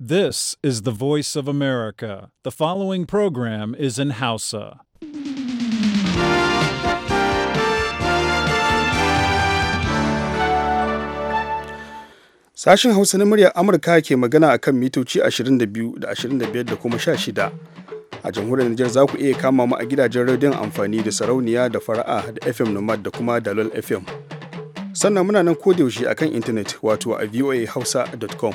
This is the voice of America. The following program is in Hausa. Sashen Hausa na muryar Amurka ke magana a kan mitoci 22 da 25 da kuma 16. A jamhuriyar Nijar za ku iya kama mu a gidajen rediyon amfani da sarauniya da fara'a da FM Nomad da kuma Dalol FM. Sannan muna nan kodayaushe a kan intanet wato a voahausa.com.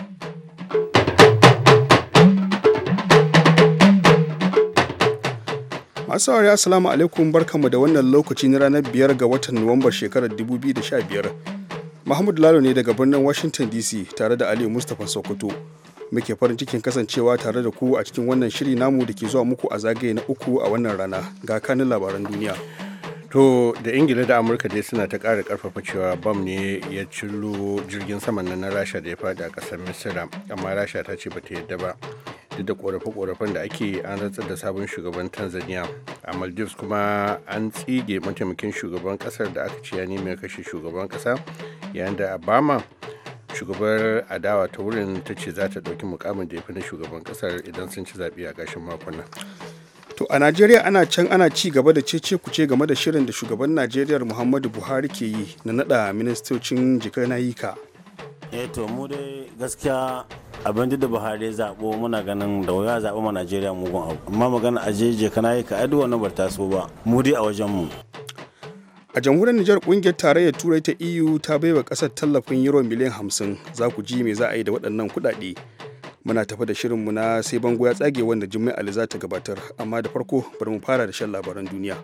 masu saurari assalamu alaikum barkamu da wannan lokaci na ranar biyar ga watan nuwambar shekarar 2015 mahmud lalo ne daga birnin washington dc tare da aliyu mustapha sokoto muke farin cikin kasancewa tare da ku a cikin wannan shiri namu da ke zuwa muku a zagaye na uku a wannan rana ga kanin labaran duniya to da ingila da amurka dai suna ta ƙara ƙarfafa cewa bam ne ya cillo jirgin saman na rasha da ya faɗi a ƙasar misira amma rasha ta ce ba ta yadda ba duk da korafe-korafen da ake an rantsar da sabon shugaban tanzania a maldives kuma an tsige mataimakin shugaban kasar da aka ciya ya kashe shugaban kasa yayin da obama shugabar adawa ta wurin ta ce za ta ɗauki mukamin da ya na shugaban kasar idan sun ci zaɓe a gashin makon nan To a Najeriya ana can ana ci gaba da cece kuce game da shirin da shugaban Najeriya Muhammadu Buhari ke yi na naɗa ministocin jikar nayika. Eh to mu dai gaskiya abin da buhari ya zaɓo muna ganin da wuya zaɓo ma najeriya mugun abu amma magana a jeje kana yi ka adi wannan bar taso ba mu dai a wajen mu a jamhuriyar nijar kungiyar tarayyar turai ta eu ta bai wa kasar tallafin euro miliyan hamsin za ku ji mai za a yi da waɗannan kuɗaɗe muna tafi da shirin mu na sai bango ya tsage wanda jimai ali za ta gabatar amma da farko bari mu fara da shan labaran duniya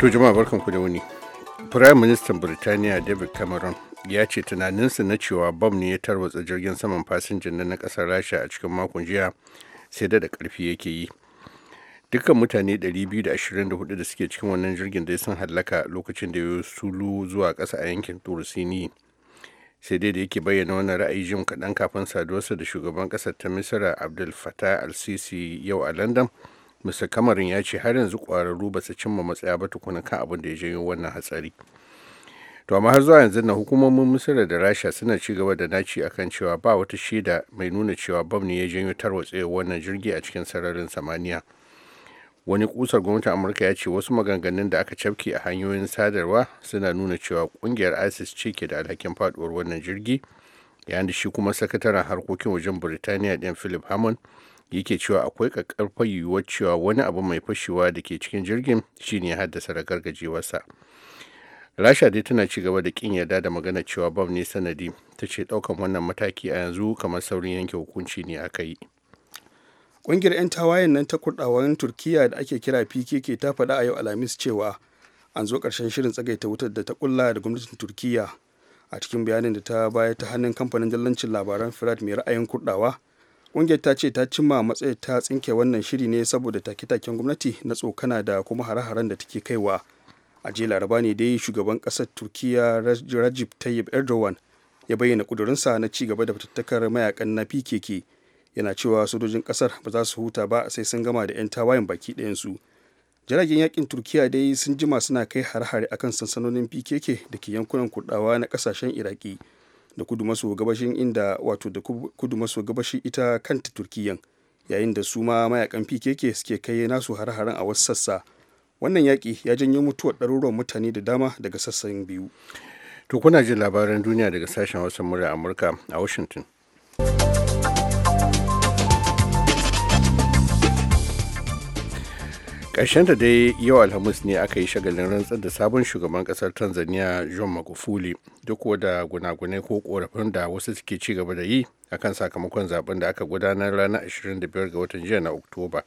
to jama'a barkanku da wuni Firayim Ministan Burtaniya David Cameron ya ce tunaninsa na cewa bom ne ya tarwatsa jirgin saman fasinjin na kasar Rasha a cikin makon jiya sai da da karfi yake yi. Dukkan mutane 224 da suke cikin wannan jirgin ya sun hallaka lokacin da ya sulu zuwa ƙasa a yankin Turusini. Sai dai da yake bayyana wannan ra'ayi jim kaɗan kafin saduwarsa da shugaban ƙasar ta Misira Abdul Fattah al-Sisi yau a London. mr kamarin ya ce har yanzu kwararru ba su cimma matsaya ba tukuna kan abin da ya janyo wannan hatsari to amma har zuwa yanzu na hukumomin misira da rasha suna ci gaba da naci akan cewa ba wata shaida mai nuna cewa bam ne ya janyo tarwatsewar wannan jirgi a cikin sararin samaniya wani kusar gwamnatin amurka ya ce wasu maganganun da aka cafke a hanyoyin sadarwa suna nuna cewa kungiyar isis ce ke da alhakin faduwar wannan jirgi yayin da shi kuma sakataren harkokin wajen birtaniya ɗin philip hammond yake cewa akwai ƙaƙƙarfar yiwuwar cewa wani abu mai fashewa da ke cikin jirgin shine ya haddasa ragargajewarsa rasha dai tana ci gaba da kin yarda da magana cewa bam ne sanadi ta ce ɗaukan wannan mataki a yanzu kamar saurin yanke hukunci ne aka yi ƙungiyar 'yan tawayen nan ta kurɗawan turkiya da ake kira pkk ta faɗa a yau alhamis cewa an zo ƙarshen shirin tsagaita wutar da ta ƙulla da gwamnatin turkiya a cikin bayanin da ta bayar ta hannun kamfanin dallancin labaran firat mai ra'ayin kurɗawa ƙungiyar ta ce ta cimma matsayin ta tsinke wannan shiri ne saboda take-taken gwamnati na tsokana da kuma hare-haren da take kaiwa a jiya laraba ne dai shugaban ƙasar turkiya rajib tayyip erdogan ya bayyana ƙudurinsa na ci gaba da fitattakar mayakan na pkk yana cewa sojojin ƙasar ba za su huta ba sai sun gama da 'yan tawayen baki ɗayansu jiragen yakin turkiya dai sun jima suna kai hare-hare akan sansanonin pkk da ke yankunan kurdawa na ƙasashen iraki da kudu maso gabashin inda wato da kudu maso gabashin ita kanta turkiyan yayin da su ma mayakan pkk suke kai nasu har-haren a wasu sassa wannan yaƙi ya janyo mutuwar ɗaruruwan mutane da dama daga sassan biyu to kuna jin labaran duniya daga sashen wasan murya amurka a washington ta dai yau alhamis ne aka yi shagalin rantsar da sabon shugaban ƙasar tanzania john magufuli duk da gunagunai ko korafin da wasu suke ci gaba da yi akan sakamakon zaben da aka gudanar ranar 25 ga watan jiya na oktoba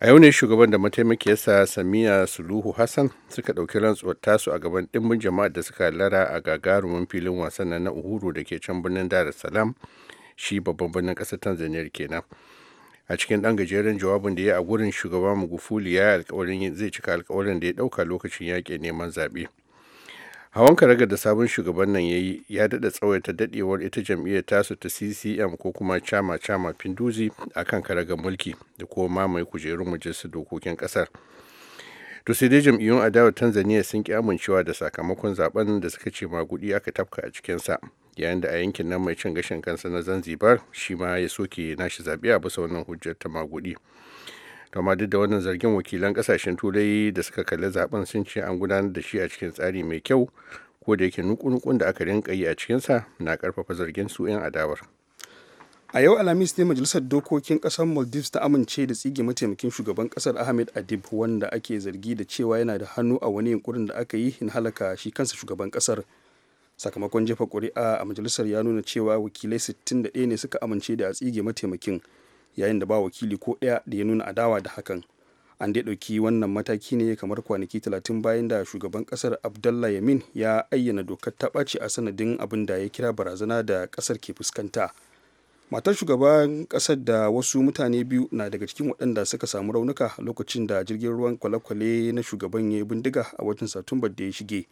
a yau ne shugaban da mataimakiyarsa samiya suluhu hassan suka ɗauki rantsuwar tasu a gaban ɗimbin jama'a da suka lara a gagarumin filin wasan na uhuru da ke can birnin dar es shi babban birnin ƙasar tanzania kenan a cikin ɗan gajeren jawabin da ya a gurin shugaba magufuli ya alkawarin zai cika alkawarin da ya ɗauka lokacin yaƙi neman zaɓe hawan karagar da sabon shugaban nan ya yi ya daɗa tsawaita daɗewar ita jam'iyyar tasu ta ccm ko kuma chama chama pinduzi a kan karagar mulki da kuma mamaye kujerun majalisar dokokin ƙasar to sai dai jam'iyyun adawa tanzania sun ki amincewa da sakamakon zaben da suka ce magudi aka tafka a cikinsa yayin da a yankin nan mai cin gashin kansa na zanzibar shi ma ya soke nashi zaɓe a bisa wannan hujjar ta magudi amma duk da wannan zargin wakilan kasashen turai da suka kalli zaben sun ce an gudanar da shi a cikin tsari mai kyau ko da yake nukunukun da aka rinka yi a cikinsa na karfafa zargin su 'yan adawar a yau alhamis ne majalisar dokokin kasar maldives ta amince da tsige mataimakin shugaban kasar ahmed adib wanda ake zargi da cewa yana da hannu a wani yunkurin da aka yi in halaka shi kansa shugaban kasar sakamakon jefa kuri'a a majalisar ya nuna cewa wakilai 61 ne suka amince da a tsige mataimakin yayin da ba wakili ko ɗaya da ya nuna adawa da hakan an dai ɗauki wannan mataki ne kamar kwanaki 30 bayan da shugaban ƙasar abdallah yamin ya ayyana dokar ta ɓaci a sanadin abin da ya kira barazana da ƙasar ke fuskanta matar shugaban ƙasar da wasu mutane biyu na daga cikin waɗanda suka samu raunuka lokacin da jirgin ruwan kwale-kwale na shugaban ya yi bindiga a watan satumbar da ya shige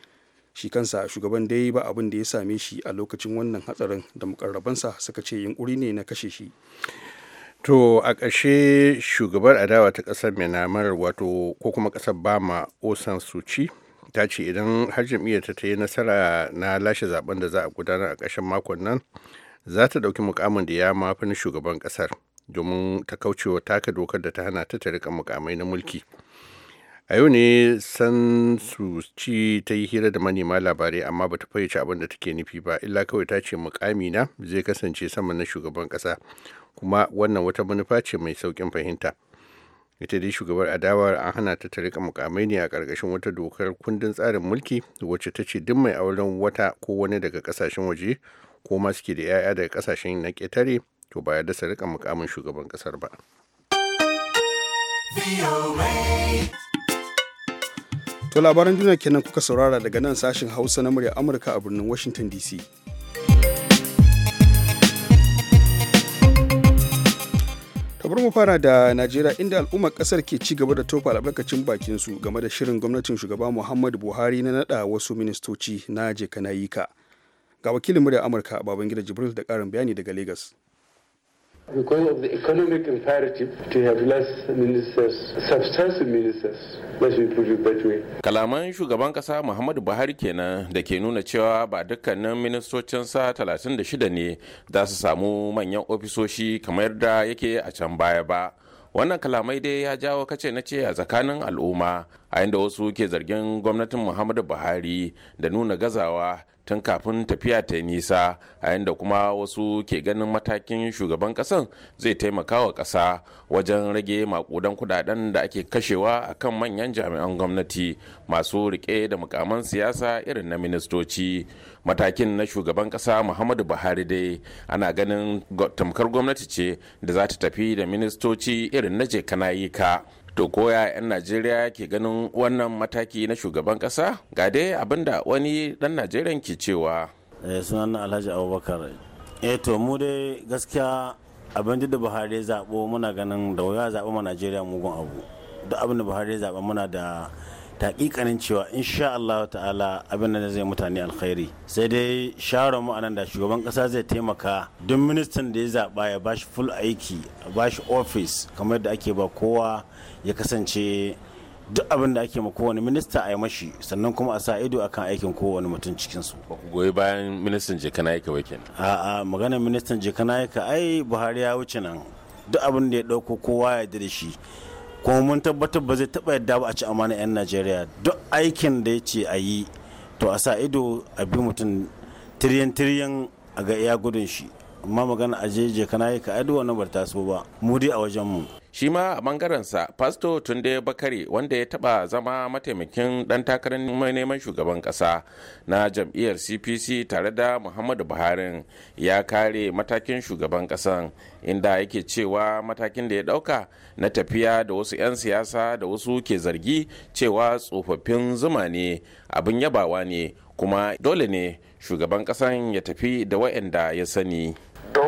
shi kansa shugaban da dai ba abin da ya same shi a lokacin wannan hatsarin da mukarrabansa suka ce yunkuri ne na kashe shi to a ƙarshe shugabar adawa ta ƙasar myanmar wato ko kuma ƙasar bama osan suci ta ce idan har jam'iyyarta ta yi nasara na lashe zaben da za a gudanar a ƙarshen makon nan za ta ɗauki mukamin da ya mafi na shugaban ƙasar domin ta kaucewa taka dokar da ta hana ta ta riƙa mukamai na mulki. a yau ne san su ci ta yi hira da manema labarai amma ba ta fayyace abin da take nufi ba illa kawai ta ce mukamina zai kasance sama na shugaban kasa kuma wannan wata manufa ce mai saukin fahimta ita dai shugabar adawar an hana ta ta rika mukamai ne a ƙarƙashin wata dokar kundin tsarin mulki wacce ta ce duk mai auren wata ko wani daga ƙasashen waje ko ma suke da 'ya'ya daga kasashen na ƙetare to ba ya dasa rika mukamin shugaban ƙasar ba. To labaran duniya kenan kuka saurara daga nan sashen Hausa na murya Amurka a birnin Washington DC. bari mu fara da najeriya inda al'ummar kasar ke ci gaba da tofa albarkacin bakin su game da shirin gwamnatin shugaba muhammadu buhari na nada wasu ministoci na je ka ga wakilin murya amurka babangida jibril da karin bayani daga lagos Because of the economic imperative to have less ministers, substantive ministers, let me put it that way. Kalaman shugaban kasa Muhammadu Buhari kenan da ke nuna cewa ba dukkanin ministocinsa 36 ne za su samu manyan ofisoshi kamar da yake a can baya ba. wannan kalamai dai ya jawo kace na ce a tsakanin al'umma a inda wasu ke zargin gwamnatin muhammadu buhari da nuna gazawa tun kafin tafiya ta nisa a yadda kuma wasu ke ganin matakin shugaban kasan zai taimaka wa kasa wajen rage makudan kudaden da ake kashewa akan manyan jami'an gwamnati masu rike da mukaman siyasa irin na ministoci matakin na shugaban kasa muhammadu buhari dai ana ganin tamkar gwamnati ce da za ta tafi da ministoci irin na je kana yi ka to koya 'yan najeriya ke ganin wannan mataki na shugaban kasa ga dai abinda wani dan najeriya ke cewa eh, sunan alhaji abubakar eh to mu dai gaskiya abin da buhari zaɓo muna ganin da wuya zaɓo ma najeriya mugun abu duk abin da buhari zaɓa muna da taƙiƙanin cewa insha Allah ta'ala abin da zai mutane alkhairi sai dai sharon mu anan da shugaban ƙasa zai taimaka duk ministan da ya zaba ya bashi full aiki a bashi office kamar da ake ba kowa ya kasance duk abin da ake ma kowane minista a yi mashi sannan kuma a sa ido akan aikin kowane mutum cikin su ba ku goyi bayan ministan yake ba a a'a maganar ministan yake ai Buhari ya wuce nan duk abin da ya dauko kowa ya da shi kuma mun tabbatar ba zai taɓa yadda ba a ci amana 'yan najeriya duk aikin da ya ce a yi to a sa ido a bi mutum tiriyan tiriyan a ga iya gudun shi amma magana a jeje kana yi ka aido wannan bar taso ba mu dai a wajen mu shi ma a bangarensa pasto tunde bakare wanda ya taba zama mataimakin dan takarar neman shugaban kasa na jam'iyyar cpc tare da muhammadu buhari ya kare matakin shugaban kasan inda yake cewa matakin da ya dauka na tafiya da wasu 'yan siyasa da wasu ke zargi cewa tsofaffin zuma ne abin yabawa ne kuma dole ne shugaban kasan ya tafi da wa'anda ya sani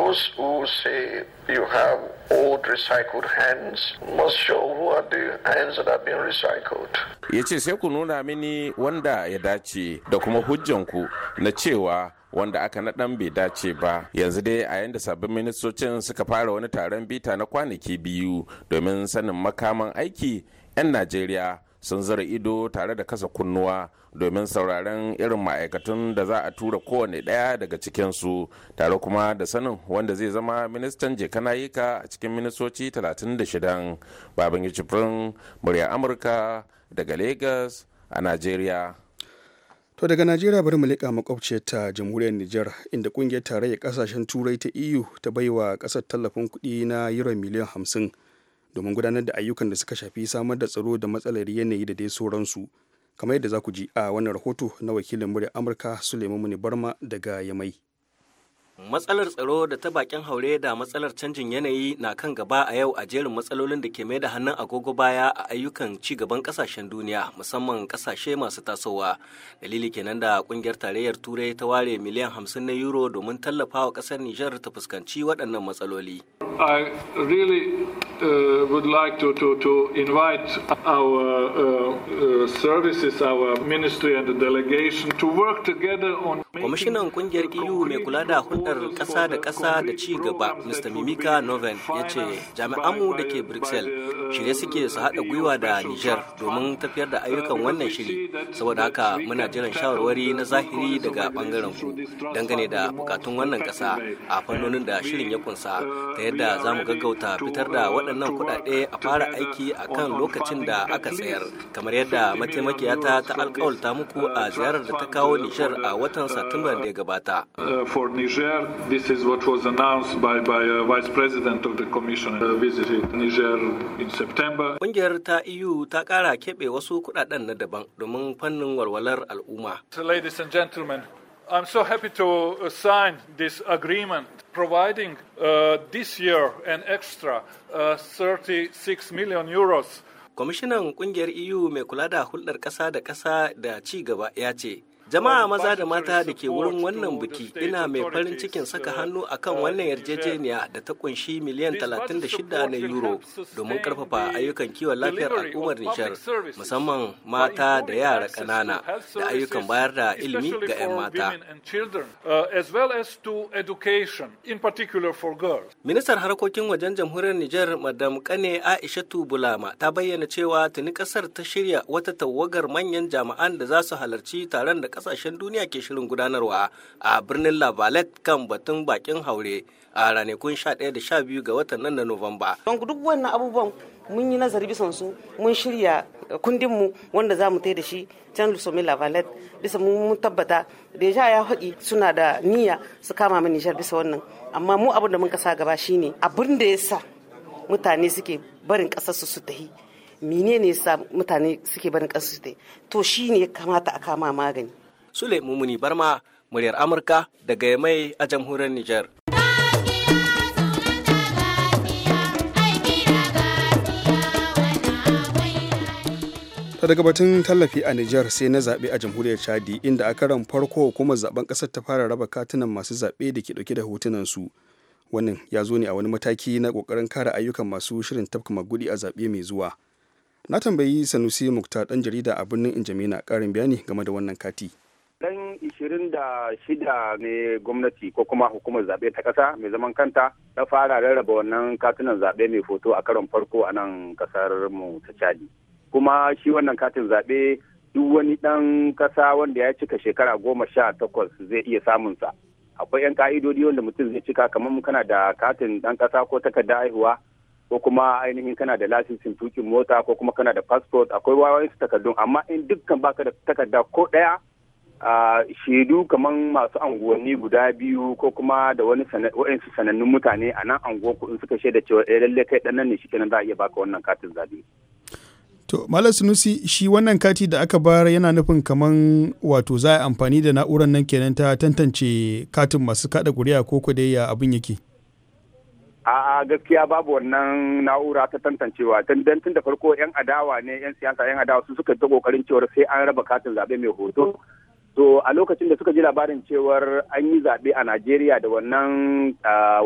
those who say you have old recycled hands must show who are the hands that have been recycled. Ya ce sai ku nuna mini wanda ya dace da kuma hujjanku na cewa wanda aka naɗan bai dace ba yanzu dai a yanda sabbin ministocin suka fara wani taron bita na kwanaki biyu domin sanin makaman aiki 'yan najeriya sun zara ido tare da kasa kunnuwa domin sauraren irin ma'aikatun da za a tura kowane ɗaya daga cikinsu tare kuma da sanin wanda zai zama ministan ka a cikin ministoci 36 babangiji cifrin murya amurka daga lagos a nigeria. To daga Najeriya bari mu liƙa makwabciyar ta jamhuriyar Nijar inda ƙungiyar tarayyar ƙasashen Turai ta EU ta baiwa ƙasar tallafin kuɗi na euro miliyan hamsin domin gudanar da ayyukan da suka shafi samar da tsaro da matsalar yanayi da dai sauransu kamar yadda za ku ji a wannan rahoto na wakilin murya amurka suleiman muni barma daga yamai matsalar tsaro da ta bakin haure da matsalar canjin yanayi na kan gaba a yau a jerin matsalolin da ke mai da hannun agogo baya a ayyukan ci gaban kasashen duniya musamman kasashe masu tasowa dalili kenan da kungiyar tarayyar turai ta ware miliyan 50 na euro domin tallafa wa kasar nijar ta fuskanci waɗannan matsaloli I really uh, would like to, to, to invite our uh, uh, services, our ministry and the delegation to work together on Kwamishinan kungiyar EU e mai kula da hulɗar ƙasa da ƙasa da ci gaba, Mr. Mimika Noven ya ce jami'anmu da ke Brussels uh, shirye suke su haɗa gwiwa da Niger domin tafiyar da uh, ayyukan wannan shiri, saboda haka muna jiran shawarwari na zahiri daga ɓangaren ku dangane da bukatun wannan ƙasa a fannonin da shirin ya kunsa uh, ta yadda da za mu gaggauta fitar da waɗannan kuɗaɗe a fara aiki a kan lokacin da aka tsayar kamar yadda mataimakiyata ta alkawalta muku a ziyarar da ta kawo Nijar a watan Satumba da ya gabata. Ƙungiyar ta EU ta ƙara keɓe wasu kuɗaɗen na daban domin fannin walwalar al'umma. I'm so happy to uh, sign this agreement providing uh, this year an extra uh, 36 million euros. Kwamishinan kungiyar EU mai kula da hulɗar ƙasa da ƙasa da ci gaba ya ce, jama'a maza da mata da ke wurin wannan biki ina mai farin cikin saka uh, hannu a kan uh, wannan yarjejeniya da ta kunshi miliyan 36 na euro domin karfafa ayyukan kiwon lafiyar al'ummar nijar musamman mata da yara kanana da ayyukan bayar da ilimi ga 'yan mata uh, ministar harkokin wajen jamhuriyar nijar madam kane aisha bulama ta bayyana cewa tuni kasar ta shirya wata tawagar manyan jama'an da za su halarci taron da kasashen duniya ke shirin gudanarwa a birnin labalet kan batun bakin haure a ranakun 11 da 12 ga watan nan na nuwamba duk wannan abubuwan mun yi nazari bisan su mun shirya kundinmu wanda za mu da shi can lusomi lavalet bisa mun tabbata deja ya haɗi suna da niyya su kama mini nijar bisa wannan amma mu abin da mun kasa gaba shine abin da ya sa mutane suke barin ƙasarsu su tahi menene sa mutane suke barin ƙasarsu su tahi to shine ya kamata a kama magani Sule Mumuni Barma, muryar Amurka daga Yamai a jamhuriyar Nijar. ta daga batun tallafi a Nijar sai na zaɓe a jamhuriyar Chadi inda a karan farko kuma zaben ƙasar ta fara raba katunan masu zaɓe da ke ɗauke da hotunan su. Wannan ya zo ne a wani mataki na ƙoƙarin kare ayyukan masu shirin tafka magudi a zaɓe mai zuwa. Na tambayi Sanusi Mukta ɗan jarida a birnin Injamina ƙarin bayani game da wannan kati. dan shida ne gwamnati ko kuma hukumar zaɓe ta ƙasa mai zaman kanta ta fara rarraba wannan katunan zaɓe mai foto a karon farko a nan ƙasar mu ta cadi Kuma shi wannan katin zaɓe duk wani ɗan ƙasa wanda ya cika shekara goma sha takwas zai iya samun sa. Akwai 'yan ka'idodi wanda mutum zai cika kamar mu kana da katin ɗan ƙasa ko takarda haihuwa ko kuma ainihin kana da lasisin tukin mota ko kuma kana da passport akwai wayoyin takardun amma in dukkan baka da takarda ko ɗaya shaidu kamar masu anguwanni guda biyu ko kuma da wani sanannun mutane a nan anguwa in suka shaida cewa ɗaya eh, lalle kai dan nan ne shi kenan za a iya baka wannan katin zabi. to malam sunusi shi wannan kati da aka bayar yana nufin kamar wato za a amfani da na'urar nan kenan ta tantance katin masu kaɗa ƙuri'a ko ku dai abin yake a'a gaskiya babu wannan na'ura ta tantancewa tun tun da farko yan adawa ne yan siyasa yan adawa su suka ta kokarin cewa sai an raba katin zabe mai hoto to a lokacin da suka ji labarin cewar an yi zaɓe a najeriya da wannan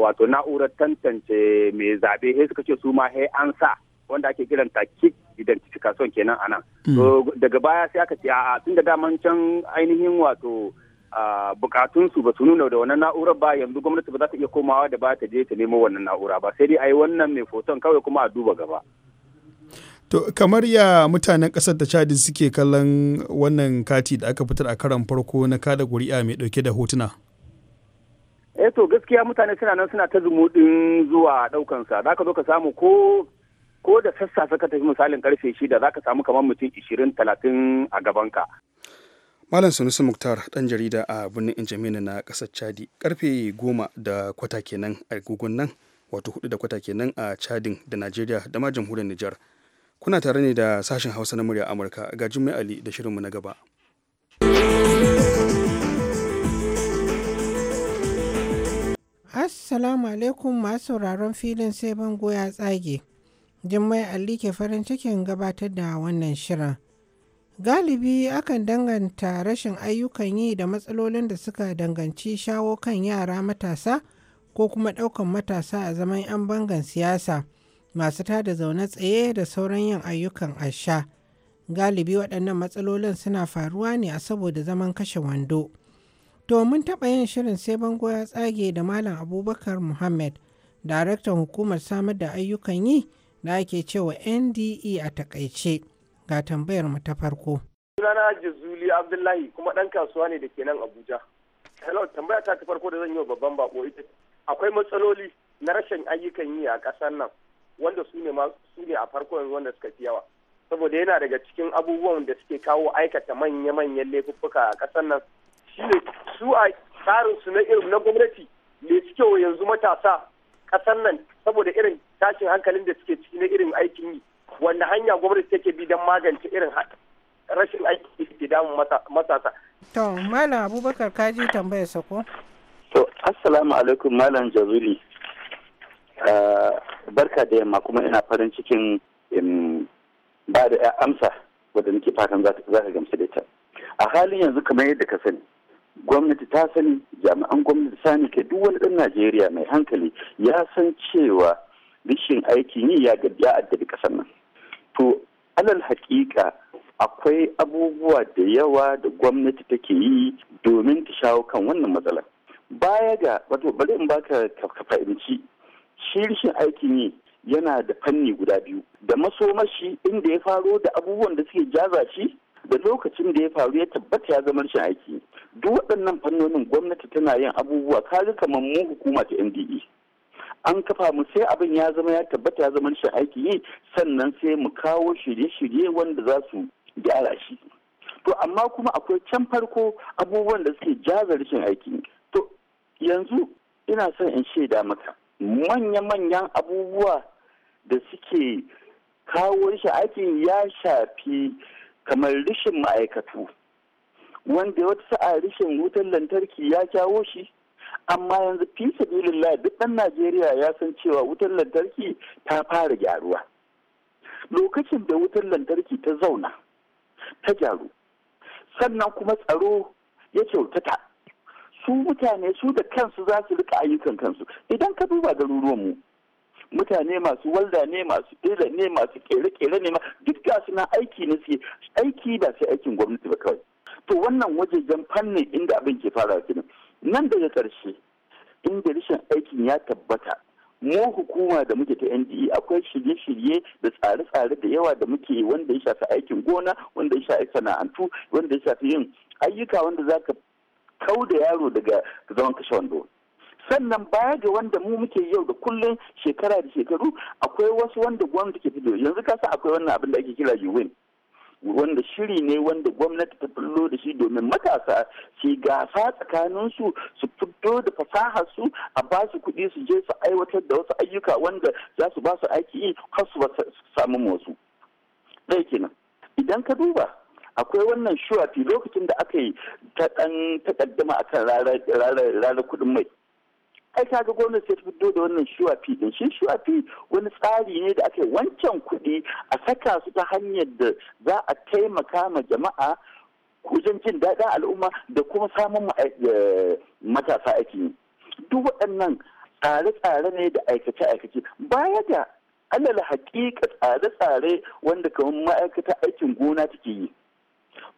wato na'urar tantance mai zaɓe sai suka ce su ma he an sa wanda ake kiran ta kick identification kenan anan nan hmm. daga baya sai aka ce a tun da daman can ainihin wato bukatunsu ba su nuna da wannan na'urar ba yanzu gwamnati ba za ta iya komawa da ba ta je ta nemo wannan na'ura ba sai dai a yi wannan mai foton kawai kuma a duba gaba To kamar ya mutanen kasar ta Chadi suke kallon wannan kati da aka fitar a karan farko na kada ƙuri'a mai ɗauke da hotuna? Eh to gaskiya mutane suna nan suna ta zumuɗin zuwa sa. Za ka zo ka samu ko ko da sassafe ka tafi misalin karfe shida za ka samu kamar mutum ishirin talatin a gaban ka. Malam sunusu Muktar dan jarida a birnin Injamina na kasar Chadi karfe goma da kwata kenan a gugun nan wato hudu da kwata kenan a Chadin da Najeriya da ma jamhuriyar Nijar. kuna tare ne da sashen hausa na murya amurka ga jimmy ali da shirinmu na gaba assalamu alaikum masu sauraron filin sai bango ya tsage jummai ali ke farin cikin gabatar da wannan shirin galibi akan danganta rashin ayyukan yi da matsalolin da suka danganci shawo kan yara matasa ko kuma ɗaukan matasa a zaman 'yan bangan siyasa. masu tada zaune tsaye da sauran yin ayyukan asha galibi waɗannan matsalolin suna faruwa ne a saboda zaman kashe wando to mun taɓa yin shirin sai bango ya tsage da malam abubakar muhammad daraktan hukumar samar da ayyukan yi da ake cewa nde a takaice ga tambayar mu ta farko sunana jazuli abdullahi kuma ɗan kasuwa ne da ke nan abuja hello tambaya ta ta farko da zan yi wa babban bako ita akwai matsaloli na rashin ayyukan yi a ƙasar nan wanda su ne a farko yanzu wanda suka fi yawa saboda yana daga cikin abubuwan da suke kawo aikata manya-manyan laifuffuka a ƙasar nan shine su a tsarin su na irin na gwamnati ne suke yanzu matasa ƙasar nan saboda irin tashin hankalin da suke ciki na irin aikin yi wanda hanya gwamnati take bi don magance irin rashin aiki da ke damun matasa. To, Malam Abubakar kaji tambayar sako. To, Assalamu alaikum Malam Jazuli. Eh, barka da yamma kuma ina farin cikin ba da amsa wadda nake fatan za ka gamsu da ita a halin yanzu kamar yadda ka sani gwamnati ta sani jami'an gwamnati sani ke duk wani ɗan najeriya mai hankali ya san cewa rishin aikin yi ya a addabi ƙasar nan to alal haƙiƙa akwai abubuwa da yawa da gwamnati take yi domin ta shawo kan wannan matsalar baya ga wato bari in baka ka fahimci shi aikin yi yana da fanni guda biyu da masomashi inda ya faro da abubuwan da suke jaza shi da lokacin da ya faru ya tabbata ya zama rashin aiki duk waɗannan fannonin gwamnati tana yin abubuwa kaga kamar mu hukuma ta NDE an kafa mu sai abin ya zama ya tabbata ya zama rashin aiki yi sannan sai mu kawo shirye-shirye wanda za su gyara shi to amma kuma akwai can farko abubuwan da suke jaza rashin aiki to yanzu ina son in shaida maka manya-manyan abubuwa da suke kawo shi aikin ya shafi kamar rishin ma'aikatu wanda wata sa'a rishin wutar lantarki ya kyawo shi amma yanzu fi sabilillah duk ɗan najeriya ya san cewa wutar lantarki ta fara gyaruwa lokacin da wutar lantarki ta zauna ta gyaru sannan kuma tsaro ya kyautata su mutane su da kansu za su rika ayyukan kansu idan ka duba garuruwanmu mutane masu walda ne masu ƙera ne masu ƙere-ƙere ne duk ga suna aiki na suke aiki ba sai aikin gwamnati ba kawai to wannan jan fannin inda abin ke fara kenan nan daga ƙarshe inda rashin aikin ya tabbata mu hukuma da muke ta NDE akwai shirye-shirye da tsare-tsare da yawa da muke wanda ya shafi aikin gona wanda ya shafi sana'antu wanda ya shafi yin ayyuka wanda za ka kau da yaro daga zaman kashe wando sannan baya ga wanda mu muke yau da kullum shekara da shekaru akwai wasu wanda gwamnati ke fito yanzu kasa akwai wannan abin da ake kira UN wanda shiri ne wanda gwamnati ta fullo da shi domin matasa su gasa tsakaninsu su fito da fasahar su a ba su kuɗi su je su aiwatar da wasu ayyuka wanda za su ba su aiki har su samu motsu ɗaya kenan idan ka duba akwai wannan shuwafi lokacin da aka yi ta dan takaddama akan rarar kudin mai ai ga gwamnati sai ta fito da wannan shuwafi din shi shuwafi wani tsari ne da aka yi wancan kuɗi a saka su ta hanyar da za a taimaka ma jama'a kujan jin daɗin al'umma da kuma samun eh, matasa aiki duk waɗannan tsare-tsare ne da aikace-aikace baya da alal haƙiƙa tsare-tsare wanda kamar ma'aikata aikin gona take yi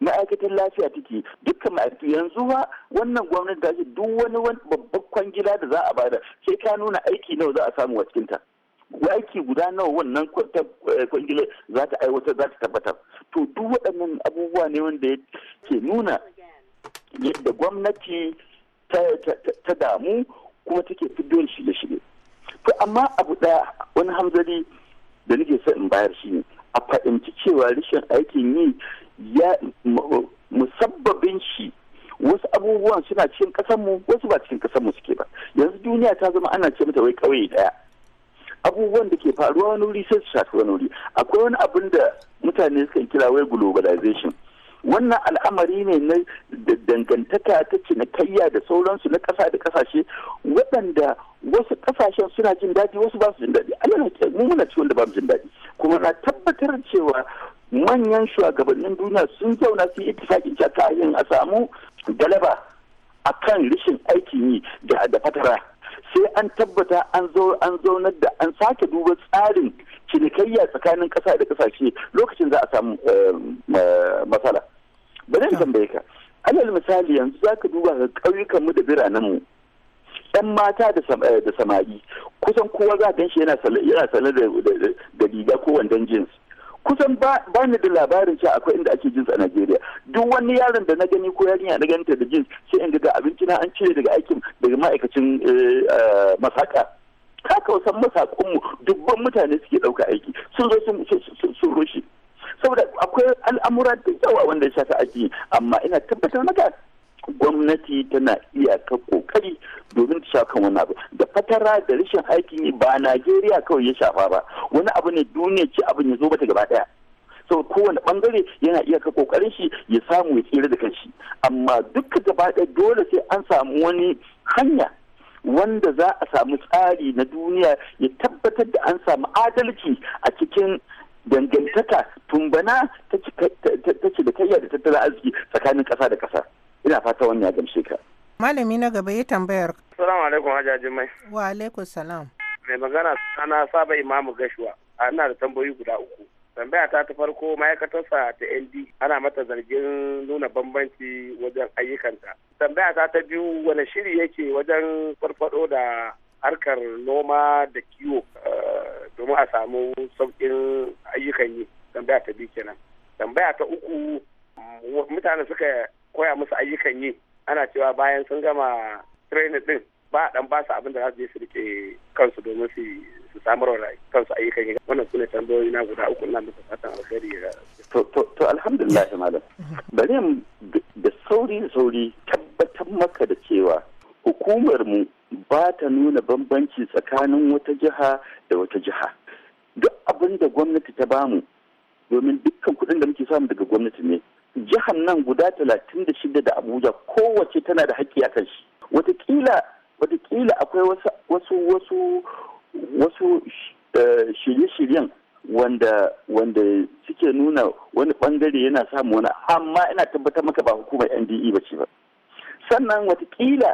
Ma'aikatan lafiya take dukkan ma'aikatu yanzu ba wannan gwamnati ta ce duk wani babban kwangila da za a bada sai ka nuna aiki nawa za a samu a cikinta aiki guda nawa wannan eh, kwangila za ta aiwatar za ta tabbatar to duk waɗannan abubuwa ne wanda ke nuna yadda gwamnati ta damu kuma take da shirye-shirye to amma abu ɗaya wani hamzari da nake so in bayar shi ne a fahimci cewa rashin aikin yi ya musabbabin shi wasu abubuwan suna cikin kasanmu wasu ba cikin kasanmu suke ba yanzu duniya ta zama ana ce mata wai kauye daya abubuwan da ke faruwa wani wuri sai su shafi wani wuri akwai wani abin da mutane suka kira wai globalization wannan al'amari ne na dangantaka ta cinikayya da sauransu na ƙasa da ƙasashe waɗanda wasu ƙasashen suna jin daɗi wasu ba su jin daɗi alal mu muna ci wanda ba mu jin daɗi kuma na tabbatar cewa manyan shugabannin duniya sun zauna su yi ittifakin cewa kayan a samu galaba a kan rishin aikin yi da da fatara sai an tabbata an zaunar da an sake duba tsarin cinikayya tsakanin ƙasa da ƙasashe lokacin za a samu eh, eh, matsala. Ba zan tambaye ka. Alal misali yanzu za ka duba ga mu da biranenmu. ‘Yan mata eh, da samari kusan kowa za gan shi yana sanar da riga ko wandon jins. kusan ba ni da labarin cewa akwai inda ake jins a Najeriya duk wani yaron da na gani ko yarinya na ta da jins sai in ga abinci na an cire daga aikin daga ma'aikacin eh, eh, masaka haka wasan masakunmu dubban mutane suke ɗauka aiki sun zo sun roshi saboda akwai al'amura da yawa wanda ya shafi aiki amma ina tabbatar maka gwamnati tana iyaka kokari domin ta shafa wani abu da fatara da rashin aikin yi ba najeriya kawai ya shafa ba wani abu ne duniya ce abin ya zo bata gaba daya sau kowane bangare yana iyaka kokarin shi ya samu ya tsira da kanshi amma duka gaba daya dole sai an samu wani hanya wanda za a samu tsari na duniya ya tabbatar da an samu adalci a cikin dangantaka tumbana ta ci da tattalin arziki tsakanin ƙasa da ƙasa. ina fata wannan ya ka malami na gaba ya tambayar salamu alaikum hajjajin mai wa alaikum salam mai magana sana saba imamu gashuwa ana da tambayoyi guda uku tambaya ta ta farko ma'aikatarsa ta nd ana mata zargin nuna bambanci wajen ayyukanta tambaya ta ta biyu wani shiri yake wajen farfado da harkar noma da kiwo eh, domin a samu sauƙin ayyukan yi tambaya ta biyu kenan tambaya ta uku mutane suka koya musu ayyukan yi ana cewa bayan sun gama training din ba a dan basu abin da za su je su rike kansu domin su su samar wa kansu ayyukan yi wannan sune tambayoyi na guda uku na musu fatan alheri to to to alhamdulillah malam bari da sauri sauri tabbatar maka da cewa hukumar mu ba ta nuna bambanci tsakanin wata jiha da wata jiha duk abin da gwamnati ta bamu domin dukkan kuɗin da muke samu daga gwamnati ne jihar nan guda talatin da shida da abuja kowace tana da haƙƙi a kan shi watakila akwai wasu eh, shirye-shiryen wanda suke nuna wani bangare yana samu wani amma ina tabbatar maka ba hukumar NDE ba ce ba sannan wataƙila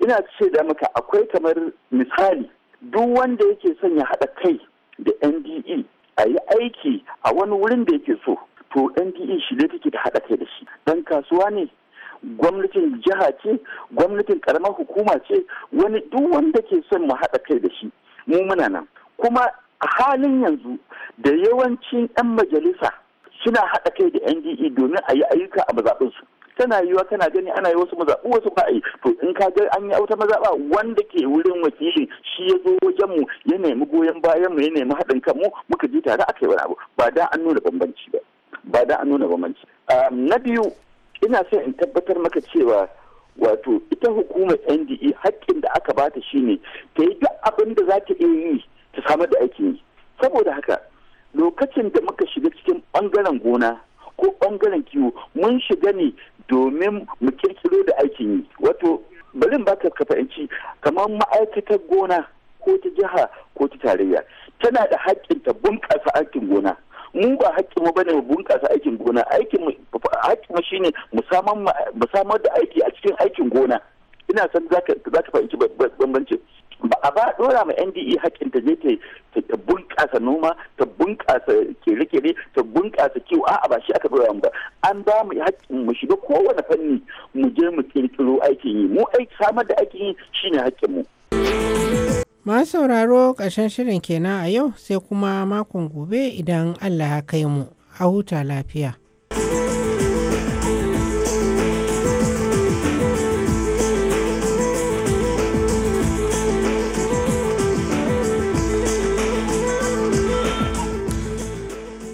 ina ce da maka akwai kamar misali duk wanda yake son ya haɗa kai da NDE a yi aiki a wani wurin da yake so to NDA shi ne take da haɗa kai da shi dan kasuwa ne gwamnatin jiha ce gwamnatin karamar hukuma ce wani duk wanda ke son mu haɗa kai da shi mu muna nan kuma a halin yanzu da yawancin 'yan majalisa suna haɗa kai da NDE domin a yi ayyuka a mazaɓinsu. tana yiwa kana gani ana yi wasu mazaɓu wasu ba to in ka ga an yi auta mazaɓa wanda ke wurin wakilin shi ya zo wajen mu ya nemi goyon bayan mu ya nemi haɗin kanmu muka ji tare aka yi wani abu ba da an nuna bambanci ba. ba da a nuna ba na biyu ina so in tabbatar maka cewa wato ita hukumar NDE haƙƙin da aka bata shine ta yi duk abin da za ta iya yi ta samar da aikin yi saboda haka lokacin da muka shiga cikin ɓangaren gona ko ɓangaren kiwo mun shiga ne domin mu kirkiro da aikin yi wato barin in baka ka fahimci kamar ma'aikatar gona ko ta jiha ko ta tarayya tana da haƙƙin ta bunƙasa aikin gona mu ba hakkin mu bane mu bunƙasa aikin gona aikin hakkin mu shine mu samar da aiki a cikin aikin gona ina san zaka ka fahimci bambancin ba a ba dora ma NDE hakkin ta je ta bunƙasa noma ta bunƙasa kere-kere ta bunƙasa kiwo a'a ba shi aka dora mu ba an ba mu hakkin mu shiga kowane fanni mu je mu ƙirƙiro aikin yi mu samar da aikin yi shine hakkin mu Masu sauraro ƙarshen shirin kenan a yau sai kuma makon gobe idan Allah ya kai mu a huta lafiya.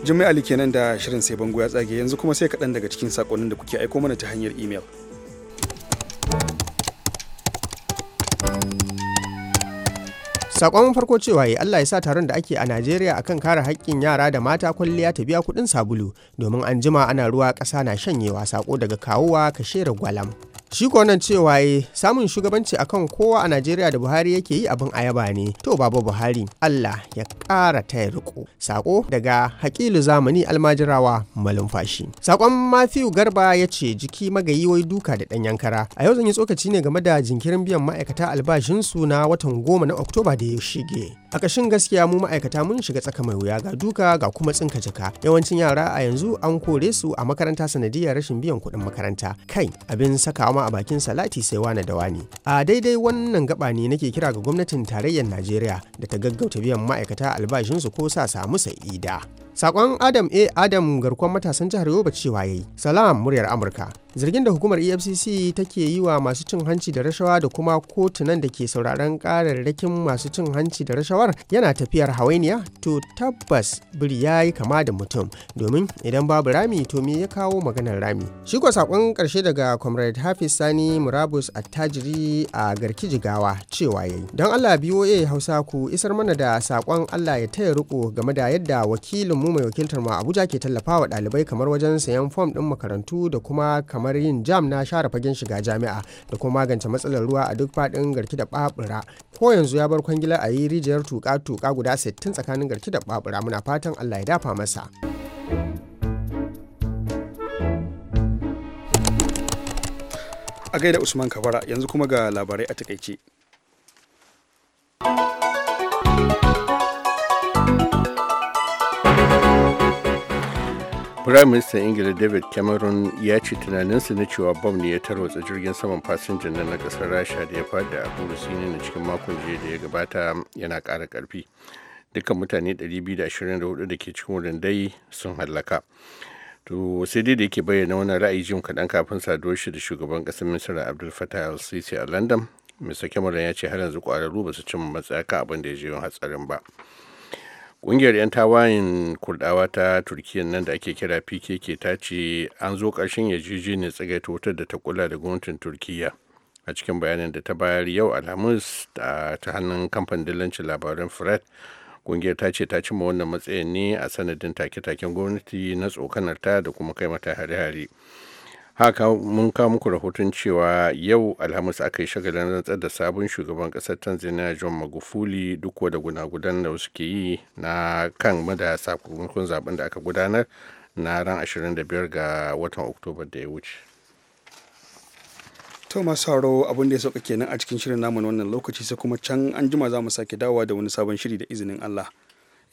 jimai Ali kenan da shirin sai bango ya tsage yanzu kuma sai kaɗan daga cikin saƙonin da kuke aiko mana ta hanyar imel. Sakon farko cewa ya Allah ya sa taron da ake a Najeriya akan kare haƙƙin yara da mata kwalliya ta biya kuɗin sabulu domin an jima ana ruwa ƙasa na shanyewa sako daga kawowa ka ragwalam. gwalam. Shi nan cewa samun shugabanci akan kowa a Najeriya da Buhari yake yi abin ayaba ne. To baba Buhari Allah ya ƙara taya riko. Sako daga hakilu zamani almajirawa malumfashi. Sakon Matthew Garba ya ce jiki magayi wai duka da ɗan yankara. A yau zan yi tsokaci ne game da jinkirin biyan ma'aikata albashinsu na watan goma na Oktoba da ya shige. A kashin gaskiya mu ma'aikata mun shiga tsaka mai wuya ga duka ga kuma tsinka jika. Yawancin yara a yanzu an kore su a makaranta sanadiyar rashin biyan kuɗin makaranta. Kai abin sakawa zama a bakin salati sai wane da wani a daidai wannan gaba ne nake kira ga gwamnatin tarayyar najeriya da ta gaggauta biyan ma'aikata albashinsu ko sa samu sa'ida Sakon Adam A. Adam garkuwar matasan jihar yoruba cewa yayi. Salam muryar Amurka. Zargin da hukumar EFCC take yi wa masu cin hanci da rashawa da kuma kotunan da ke sauraron kararrakin masu cin hanci da rashawar yana tafiyar hawainiya to tabbas biri ya yi kama da mutum domin idan babu rami to me ya kawo maganar rami. Shi ko sakon karshe daga Comrade Hafiz Sani Murabus attajiri a garki jigawa cewa yayi. Don Allah BOA Hausa ku isar mana da sakon Allah ya taya riko game da yadda wakilin mu. mu mai wakiltar mu abuja ke tallafa wa ɗalibai kamar wajen sayan fom ɗin makarantu da kuma kamar yin jam na share fagen shiga jami'a da kuma magance matsalar ruwa a duk faɗin garki da babura ko yanzu ya bar kwangila a yi rijiyar tuƙa-tuƙa guda 60 tsakanin garki da ɓaɓura muna fatan allah ya dafa masa. a gaida usman kabara yanzu kuma ga labarai a takaice. Prime Minister Ingila David Cameron ya ce tunaninsa na cewa bom ne ya tarwatsa jirgin saman fasinjan na kasar Rasha da ya fada a Burusini na cikin makon jiya da ya gabata yana kara karfi Dukkan mutane 224 da ke cikin wurin dai sun hallaka. To sai dai da yake bayyana wani ra'ayi jim kaɗan kafin saduwar shi da shugaban ƙasar Misira Abdul Fattah al-Sisi a London. Mr. Cameron ya ce har yanzu ƙwararru ba su cimma matsaka abin da ya je hatsarin ba. ƙungiyar 'yan tawayin kurdawa ta turkiyya nan da ake kira pkk ta ce an zo ƙarshen yarjejeniyar tsagaita wutar da ta kula da gwamnatin turkiyya a cikin bayanin da ta bayar yau alhamis ta hannun kamfanin dillancin labaran fred ƙungiyar ta ce ta cimma wannan matsayin ne a sanadin take-taken gwamnati na tsokanarta da kuma kai mata hare-hare haka mun kawo muku rahoton cewa yau alhamis aka yi shagalin rantsar da sabon shugaban kasar tanzania john magufuli duk da gunagudan da suke yi na kan mada sakamakon zaben da aka gudanar na ran 25 ga watan oktoba da ya wuce to masu haro abin ya sauka kenan a cikin shirin namu wannan lokaci sai kuma can an jima za mu sake dawowa da wani sabon shiri da izinin allah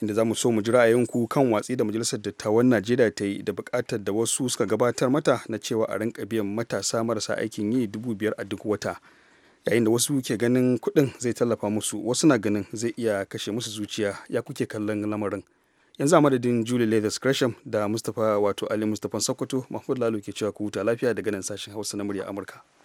inda za mu so mu ji ra'ayinku kan watsi da majalisar dattawan najeriya ta yi da buƙatar da wasu suka gabatar mata na cewa a rinka biyan matasa marasa aikin yi dubu biyar a duk wata yayin da wasu ke ganin kuɗin zai tallafa musu wasu na ganin zai iya kashe musu zuciya ya kuke kallon lamarin yanzu a madadin julie leathers gresham da mustapha wato ali mustapha sokoto mahmud lalu ke cewa ku huta lafiya daga nan sashen hausa na murya amurka